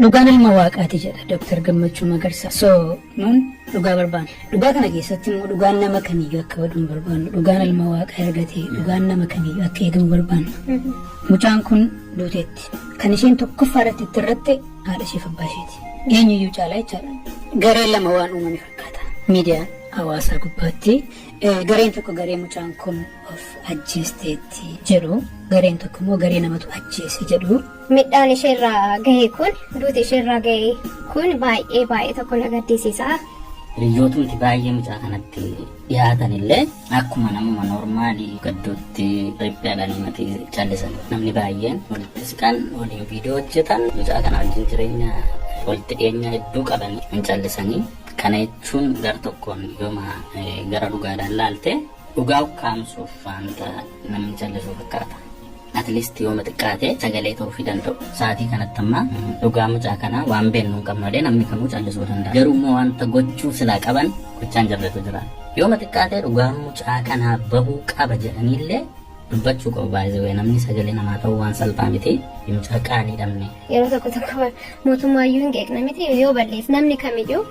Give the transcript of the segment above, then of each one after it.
Dhugaan ilma waaqaati jedha Dooktar Gammachuu Magarsaa. So nuun dhugaa barbaanna. Dhugaa kana keessatti immoo dhugaan nama kamiyyuu akka waduun hin Dhugaan ilma waaqaa erga dhugaan nama kamiyyuu akka eegamu barbaanna. Mucaan kun duuteetti. Kan isheen tokkoffaa irratti itti irratti haadha isheef abbaa isheeti. Eenyu caalaa jechaadha. garee lama waan uumame fakkaata miidiyaan. hawaasa gubbaatti gareen tokko garee mucaan kun of ajjeesteetti jedhu gareen tokko immoo garee namatu ajjeese jedhu. Midhaan isheerraa gahe kun duuti isheerraa gahe kun baay'ee baay'ee tokko na gaddisiisa. Hiyyootumti baay'ee mucaa kanatti dhiyaatan illee akkuma namuma noormaalii gaddootti riphaa galmate callisan namni baay'een walitti siqan waliin viidiyoo hojjetan mucaa kana wajjin jireenya walitti dhiyeenya hedduu qabanii hin callisanii kana jechuun gartokkoon yooma gara dhugaadhaan laalte dhugaa ukkaamsuuf waanta namni jallisu fakkaata. Atleast yooma xiqqaate sagalee ta'uu fi danda'u. Sa'aatii kanatti ammaa dhugaa mucaa kanaa waan beennu hin qabnu namni kamuu callisuu danda'a. Garuu immoo waanta gochuu silaa qaban gochaan jalletu jira. Yooma xiqqaate dhugaa mucaa kanaa bahuu qaba jedhanillee Dubbachuu qabu baay'ee wayi namni sagalee namaa ta'uu waan salphaa miti mucaa ni dhabne. Yeroo tokko tokko mootummaayyuu hin qeeqne miti yoo balleef namni kamiyyuu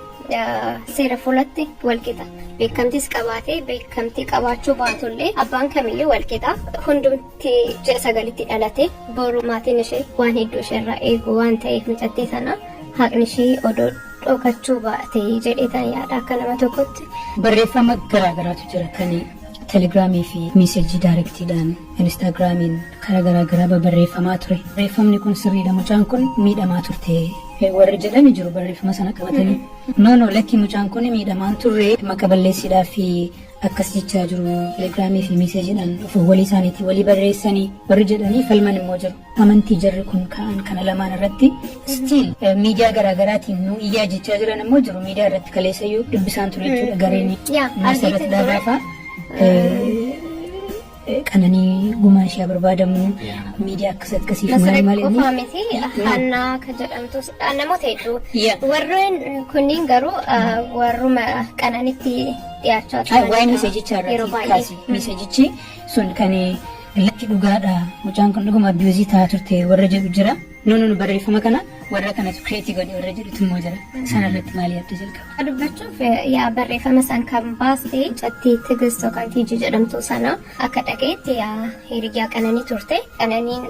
seera fulatti walqixa. Beekamtiis qabaatee beekamtii qabaachuu baatullee abbaan kamiyyuu walqixa. Hundumti ji'a sagalitti dhalate boru maatiin ishee waan hedduu isheerraa eegu waan ta'eef mucattii sana haaqni ishee odoo dhokachuu baate jedhee kan yaada akka nama tokkotti. Barreeffama garaagaraatu jira kan telegiraamii fi meeseejii daayirektiidhaan inistaagraamiin karaa garaagaraa babarreeffamaa ture. Barreeffamni kun sirriidha mucaan kun miidhamaa turte warri jedhame jiru barreeffama sana qabatanii. Noonoo lakkii mucaan kun miidhamaan turre maqaa balleessidhaa fi akkas jechaa jiru telegiraamii fi meeseejiidhaan dhufu walii isaaniitiin walii barreessanii warri jedhanii falman immoo jiru. Amantii jarri kun ka'an kana lamaan irratti stiil miidiyaa garaagaraatiin nu iyyaa jechaa jiran immoo jiru miidiyaa irratti kaleessayyuu dubbisaan ture jechuudha gareen. Yaa argitan ቀነኒ ጉማሽ ብርባ ደሞ ሚዲያ ክሰት ከሲፍ ማለት ማለት ነው ፋሚቲ አና ከጀቀምቶ አነሞት ሄዱ ወሩን ኩኒን ገሩ ወሩ ቀነኒቲ ያቻ አይ ዋይ ሜሴጅ ቻራ ካሲ ቺ ሱን ከኔ ለኪ ዱጋዳ ሙጫን ጉማ ቢዩዚ ታትርቴ ወረጀ ጅራ ኑኑን በሬፉ መከና ወራ ከነች ክሬቲ ጎዲ ወራ ጅሪት ሞጀራ ሰነረት ማሊያ ተጀልከ አድበቹ ያ በሬፈ መሰን ከምባስ ዴ ጨቲ ትግስቶ ካንቲ ጅጀደምቶ ሰና አከደቄት ያ ሄሪያ ቀነኒ ቱርቴ ቀነኒን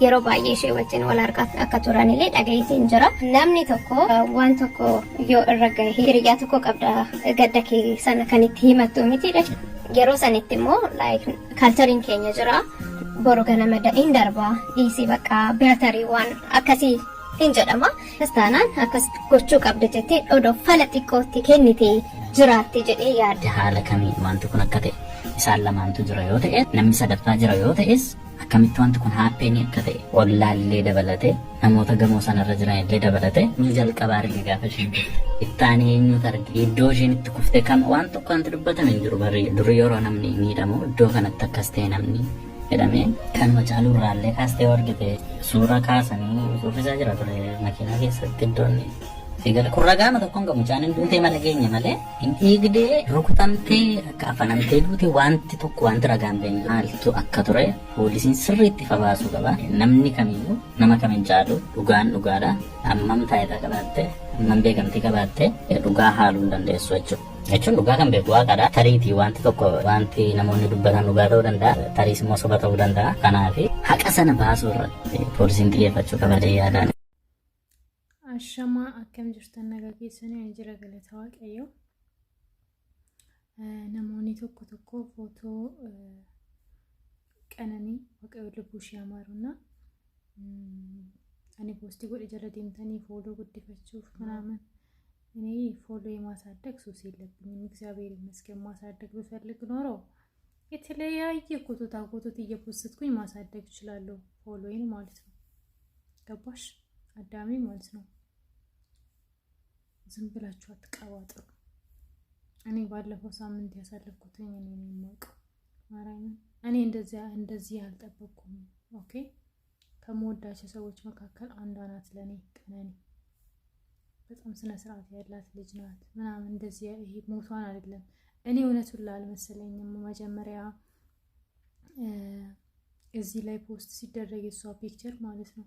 yeroo baay'ee ishee wajjin wal harkaa akka turanillee dhaga'iitiin jira. Namni tokko waan tokko yoo irra gahe hiriyaa tokko qabda gadda kee sana kan itti himattu miti. Yeroo sanitti immoo kaalchariin keenya jira. boru kana madda in mada'een darbaa dhiisii bakka baatarii waan akkasii hin jedhama. Kiristaanaan akkas gochuu qabda jettee dhodoo fala xiqqootti kennitee jiraatti jedhee yaadda. Haala kamii wanti kun akka ta'e isaan lamaantu jira yoo ta'e namni sadaffaa jira yoo ta'es akkamitti wanti kun haapheenii akka ta'e wallaallee dabalatee namoota gamoo sanarra jiranillee dabalatee ni jalqabaa arge gaafa isheen ittaanii eenyuutu arge iddoo isheen do kuftee kam waan tokko wanti dubbatan hin jiru barri durii yeroo namni ni iddoo do kana ta'e namni एउटा main चालू चालु हाल्ने खास त्यो अर्को थिएँ सुरा खास ना सुरु चाहिँ राख्दो रहेछ नखिना कि सर तिन टर्ने kurragaa tokkoon qabu caanin duutee mala geenye malee hin eegdee rukutamtee akka afanamtee duute wanti tokko wanti ragaan beenye maaltu akka ture poolisiin sirriitti fabaasuu qaba namni kamiyyuu nama kam hin caalu dhugaan dhugaadha ammam taayitaa qabaatte ammam beekamtii qabaatte dhugaa haaluu hin dandeessu jechuudha. jechuun dhugaa kan beeku waaqadha. Tariitii wanti tokko wanti namoonni dubbatan dhugaa ta'uu danda'a. Tariis immoo soba ta'uu danda'a. Kanaaf haqa sana baasuu irratti poolisiin xiyyeeffachuu qaba yaadaan. አሸማ አከም ጅርተ ነጋጊ ሰኒ አንጅረ ገለታ ቀየው ነሞኒ ቶኮ ቶኮ ፎቶ ቀነኒ ወቀው ልቡሽ ያማሩና እኔ ፖስቲ ጎድ ጀለ ዲምተኒ ፎሎ ጉድፈችው ምናምን እኔ ፎሎ የማሳደግ ሱስ የለብኝም። እግዚአብሔር ይመስገን ማሳደግ ብፈልግ ኖሮ የተለያየ ኮቶታ ኮቶት እየፖስትኩኝ ማሳደግ እችላለሁ። ፎሎይን ማለት ነው ገባሽ? አዳሚ ማለት ነው። ዝም ብላችሁ አትቀባጥሩ። እኔ ባለፈው ሳምንት ያሳለፍኩትን እኔ ነው የማውቀው። ማርያምን እኔ እንደዚያ እንደዚህ አልጠበቅኩም። ኦኬ ከምወዳቸው ሰዎች መካከል አንዷ ናት ለእኔ ቀነኒ። በጣም ስነ ስርዓት ያላት ልጅ ናት ምናምን እንደዚ ይሄ ሞቷን አይደለም እኔ እውነቱን ላልመሰለኝም መጀመሪያ እዚህ ላይ ፖስት ሲደረግ የሷ ፒክቸር ማለት ነው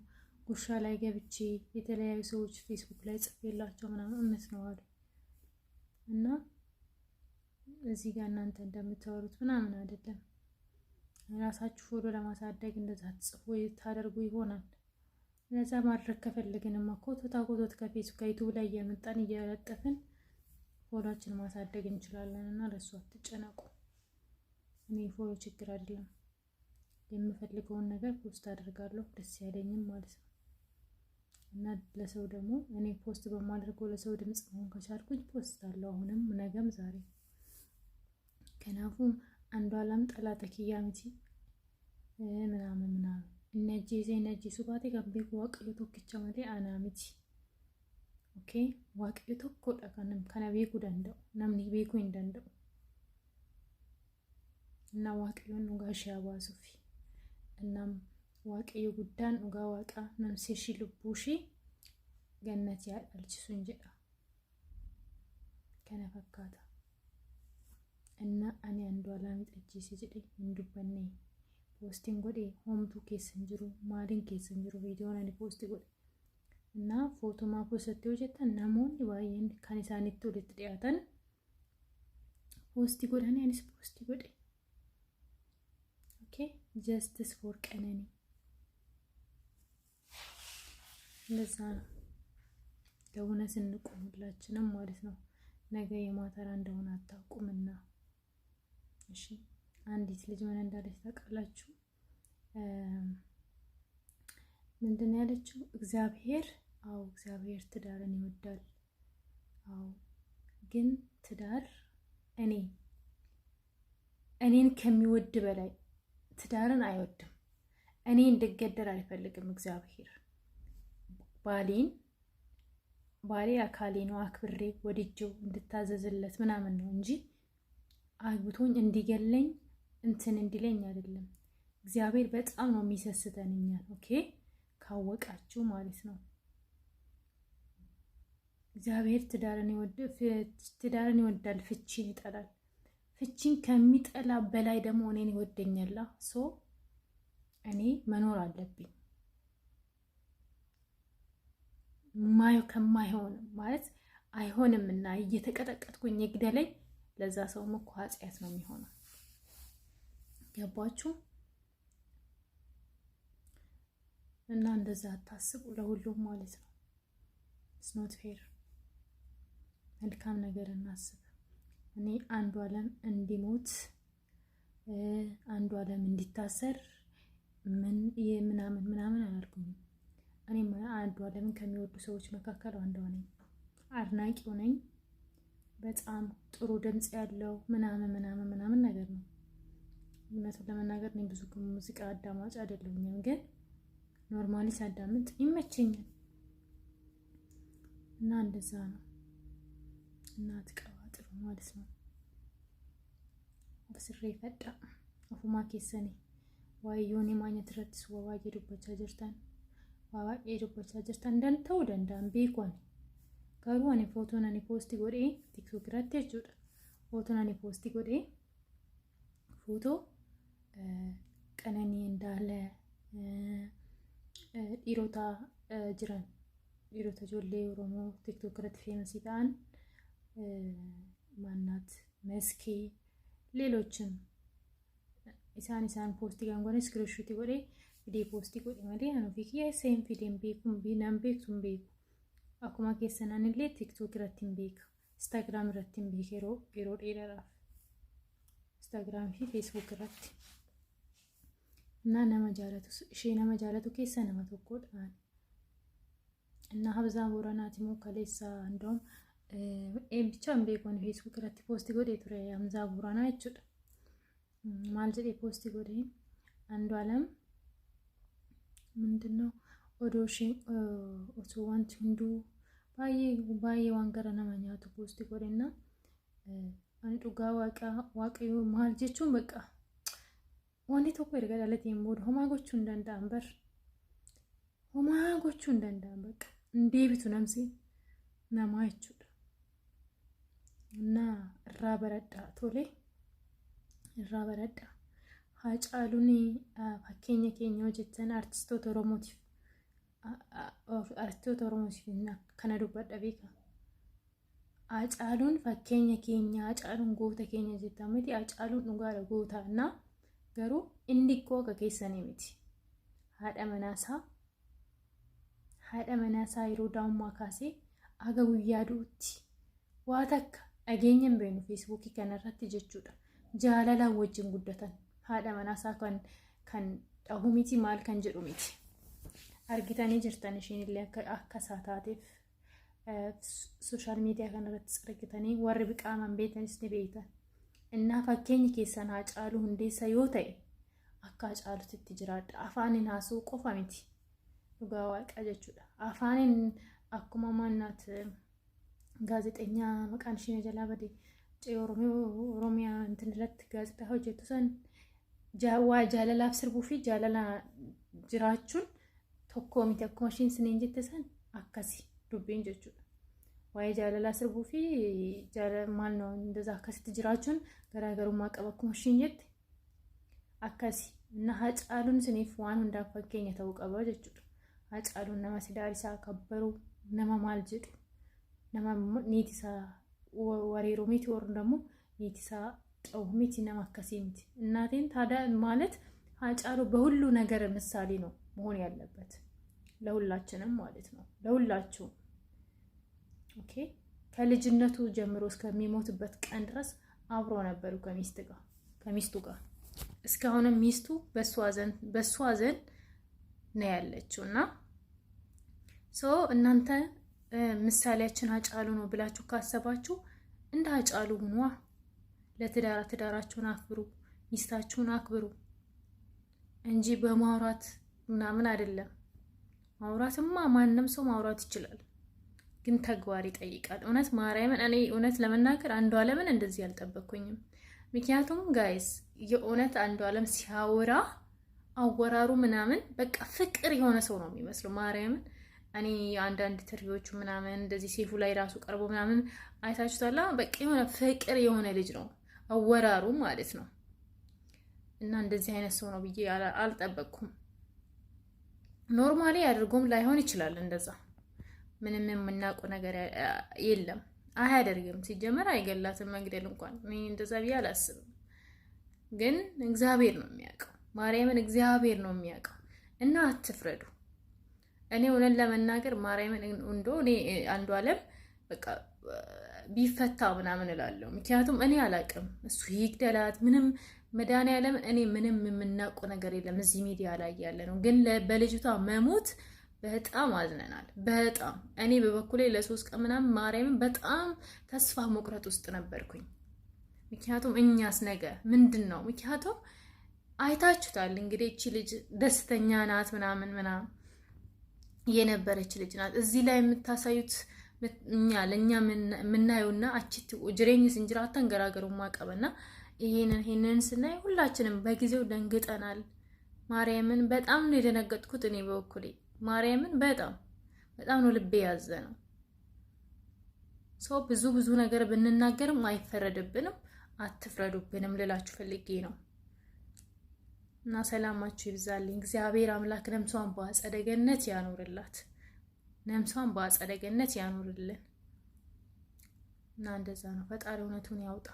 ውሻ ላይ ገብቼ የተለያዩ ሰዎች ፌስቡክ ላይ ጽፌላቸው ምናምን እውነት ነው አሉ እና እዚህ ጋር እናንተ እንደምታወሩት ምናምን አይደለም። ራሳችሁ ፎቶ ለማሳደግ እንደዛ ጽፎ ታደርጉ ይሆናል። እነዛ ማድረግ ከፈለግንም ኮቶታ ኮቶት ከፌስቡክ ከዩቱብ ላይ እያመጣን እየለጠፍን ፎቶችን ማሳደግ እንችላለን እና ለሱ አትጨነቁ። እኔ ፎሎ ችግር አይደለም። የምፈልገውን ነገር ፖስት አደርጋለሁ፣ ደስ ያለኝም ማለት ነው። እና ለሰው ደግሞ እኔ ፖስት በማድረገው ለሰው ድምፅ መሆን ከቻልኩኝ ፖስት አለው አሁንም ነገም ዛሬ ከናፉም አንዱ አለም ጠላተ ኪያምቲ ምናምን ምናምን እነጂ ዜ እነጂ ሱባቴ ጋቤ ዋቅዮ ቶክቻ መቴ አናምቲ ኦኬ ዋቅዮ ቶኮ kanan kana ቤጉ ደንደው namni ቤጉ hin እና ዋቅዮን ጋሽ ያባሱፊ እናም waaqayyo guddaan dhugaa waaqaa namsee ishii lubbuu ishii gannatti yaadalchisuun jedha kana fakkaata inna ani andu'aalaa miidhagsiise jedhe hin dubbanne poostiin godhe homtuu keessan jiru maaliin keessan jiru viidiyoon ani poostii godhe innaa footumaa poosatti hojjetan namoonni baay'een kan isaanitti walitti dhiyaatan poostii godhanii anis poostii godhe. ጀስትስ for qananii እንደዛ ነው። ለእውነት እንቁም ሁላችንም ማለት ነው። ነገ የማተራ እንደሆነ አታውቁምና፣ እሺ አንዲት ልጅ ምን እንዳለች ታውቃላችሁ? ምንድን ነው ያለችው? እግዚአብሔር አዎ፣ እግዚአብሔር ትዳርን ይወዳል። አዎ፣ ግን ትዳር እኔ እኔን ከሚወድ በላይ ትዳርን አይወድም። እኔ እንድገደል አይፈልግም እግዚአብሔር ባሌን ባሌ አካሌ ነው አክብሬ ወድጄው እንድታዘዝለት ምናምን ነው እንጂ አግብቶኝ እንዲገለኝ እንትን እንዲለኝ አይደለም። እግዚአብሔር በጣም ነው የሚሰስተን እኛን። ኦኬ ካወቃችሁ ማለት ነው። እግዚአብሔር ትዳርን ይወዳል፣ ፍቺን ይጠላል። ፍቺን ከሚጠላ በላይ ደግሞ እኔን ይወደኛላ። ሶ እኔ መኖር አለብኝ። ማየው ከማይሆንም ማለት አይሆንም እና እየተቀጠቀጥኩኝ ይግደለኝ፣ ለዛ ሰው እኮ ኃጢአት ነው የሚሆነው። ገባችሁ? እና እንደዛ አታስቡ፣ ለሁሉም ማለት ነው። ስኖት ፌር መልካም ነገር እናስብ። እኔ አንዱ አለም እንዲሞት አንዱ አለም እንዲታሰር ምን ምናምን ምናምን አላልኩም። እኔም አንዱ አለምን ከሚወዱ ሰዎች መካከል አንዷ ነኝ። አድናቂው ነኝ። በጣም ጥሩ ድምፅ ያለው ምናምን ምናምን ምናምን ነገር ነው። እውነቱን ለመናገር እኔ ብዙ ሙዚቃ አዳማጭ አይደለሁም፣ ግን ኖርማሊ ሳዳምጥ ይመቸኛል እና እንደዛ ነው እና ትቀባጥሩ ማለት ነው። በስሬ ፈጣ አፉማ ኬሰኔ ዋይ የሆኔ ማግኘት ረትስ ወባ ጀዱበት ጀርታን waa'ee dubbataa jirti. Andaan ta'uu danda'an beekuun garuu ani footoon ani poostii godhee tiktook irratti jechuudha. Footoon ani poostii godhee footoo qananii indaala dhiirota jiran dhiirota ijoollee Oromoo tiktook irratti feemasii ta'an ማናት መስኬ ሌሎችም ኢሳን ኢሳን ፖስት ጋንጎን ስክሪንሾት ይጎዴ Viidiyoo poostii godhi malee anuu fi kiyyaa isa hin fide hin beeku naan beektu hin beeku. Akkuma keessanaan illee tiiktook irratti hin beeka. Instaagiraam irratti hin beeka yeroo yeroo dheeraadhaaf. Instaagiraam fi feesbuuk irratti. እና nama jaalatu ishee nama jaalatu keessa nama tokkodha. እና ሀብዛ ቦረናት ሞ ከሌሳ እንደውም ኤም ብቻ feesbuuk irratti poostii ፖስት ture habzaa booranaa jechuudha maal jedhee poostii ጎዴ አንዱ alam ምንድን ነው ኦዶሽ ዋንት ሁንዱ ባዬ ዋንገረ ነመኛ ቱ ፖስት ጎደና አኔ ጡጋ ዋቃ ዋቅዩ መሀል ጀቹን በቃ ወንዲ ቶኮ ይርገዳለት የምቦድ ሆማጎቹ እንደንዳንበር ሆማጎቹ እንደንዳን በቃ እንዴቢቱ ነምሲ ነማይቹ እና እራ ቶሌ እራ haa caaluun fakkeenya keenya hojjechaan artistoota Oromootiif artistoota Oromootiif kana dubbadha beekaa. Haa caaluun fakkeenya keenya haa caaluun goota keenya jettan miti haa caaluun dhugaadha gootaannaa garuu inni koo akka keessanii miti. Haadha manaasaa haadha manaasaa yeroo daa'ummaa kaasee haga guyyaa du'utti waa takka dhageenya hin beeknu feesbuukii kanarratti jechuudha jaalalaan wajjin guddatan. haadha manaasaa kan kan dhahu miti maal kan jedhu miti. Argitanii jirtan ishiin illee akka isaa taateef sooshaal miidiyaa kanarrattis argitanii warri biqaaman beekanis ni beektan. Innaa fakkeenyi keessan haa caalu hundeessa yoo ta'e akka haa caalutti jiraadha. Afaanin haasuu qofa miti dhugaa waaqa jechuudha. Afaanin akkuma mannaat gaazexeenyaa maqaan ishiin jalaa badee oromiyaa wanti irratti gaazexaa hojjetu san. jaawaa jaalalaaf sirbuu fi jaalala jiraachuun tokkoomii tokkoo ishiin siniin jette san akkasi dubbiin jechuudha. Waa'ee jaalalaa sirbuu fi maal noo hindaza akkasitti jiraachuun garaagarummaa qaba akkuma ishiin jette akkasi na hacaaluun siniif waan hundaaf fakkeenya ta'uu qaba jechuudha. Hacaaluun nama sidaarisaa kabbaru nama maal jedhu nama niitisaa wariiruu miti warreen niitisaa ጠው ሜት ነማከሴ ሚቲ እናቴን ታዳ ማለት ሀጫሉ በሁሉ ነገር ምሳሌ ነው መሆን ያለበት ለሁላችንም ማለት ነው ለሁላችሁም። ኦኬ ከልጅነቱ ጀምሮ እስከሚሞትበት ቀን ድረስ አብሮ ነበሩ ከሚስት ጋር ከሚስቱ ጋር እስካሁንም ሚስቱ በእሷ ዘንድ ነው ያለችው እና ሶ እናንተ ምሳሌያችን አጫሉ ነው ብላችሁ ካሰባችሁ እንደ ሀጫሉ ሁኗ። ለትዳራ ትዳራችሁን አክብሩ፣ ሚስታችሁን አክብሩ እንጂ በማውራት ምናምን አይደለም። ማውራትማ ማንም ሰው ማውራት ይችላል፣ ግን ተግባር ይጠይቃል። እውነት ማርያምን፣ እኔ እውነት ለመናገር አንዱ አለምን እንደዚህ አልጠበቅኩኝም። ምክንያቱም ጋይስ የእውነት አንዱ አለም ሲያወራ አወራሩ ምናምን በቃ ፍቅር የሆነ ሰው ነው የሚመስለው። ማርያምን እኔ አንዳንድ ኢንተርቪዎቹ ምናምን እንደዚህ ሴፉ ላይ ራሱ ቀርቦ ምናምን አይታችሁታላ። በቃ የሆነ ፍቅር የሆነ ልጅ ነው አወራሩ ማለት ነው። እና እንደዚህ አይነት ሰው ነው ብዬ አልጠበቅኩም። ኖርማሊ አድርጎም ላይሆን ይችላል። እንደዛ ምንም የምናውቀው ነገር የለም። አያደርግም። ሲጀመር አይገላትም። መግደል እንኳን እኔ እንደዛ ብዬ አላስብም። ግን እግዚአብሔር ነው የሚያውቀው። ማርያምን እግዚአብሔር ነው የሚያውቀው እና አትፍረዱ። እኔ እውነት ለመናገር ማርያምን እንዶ እኔ አንዱ አለም በቃ ቢፈታ ምናምን እላለሁ። ምክንያቱም እኔ አላቅም እሱ ይግደላት ምንም መድኃኒዓለም እኔ ምንም የምናውቀው ነገር የለም እዚህ ሚዲያ ላይ ያለ ነው። ግን በልጅቷ መሞት በጣም አዝነናል። በጣም እኔ በበኩሌ ለሶስት ቀን ምናምን ማርያምን በጣም ተስፋ መቁረጥ ውስጥ ነበርኩኝ። ምክንያቱም እኛስ ነገ ምንድን ነው? ምክንያቱም አይታችሁታል እንግዲህ እቺ ልጅ ደስተኛ ናት ምናምን ምናምን የነበረች ልጅ ናት። እዚህ ላይ የምታሳዩት ለእኛ የምናየውና አችት ጅሬኝ ስንጅራ አተንገራገሩ ማቀበና ይህንን ይሄንን ስናይ ሁላችንም በጊዜው ደንግጠናል። ማርያምን በጣም ነው የደነገጥኩት። እኔ በበኩሌ ማርያምን በጣም በጣም ነው ልቤ ያዘ ነው። ሰው ብዙ ብዙ ነገር ብንናገርም አይፈረድብንም፣ አትፍረዱብንም ልላችሁ ፈልጌ ነው። እና ሰላማችሁ ይብዛልኝ። እግዚአብሔር አምላክ ነፍሷን በአጸደ ገነት ያኖርላት። ነምሷን በአጸደ ገነት ያኖርልን እና እንደዛ ነው። ፈጣሪ እውነቱን ያውጣ።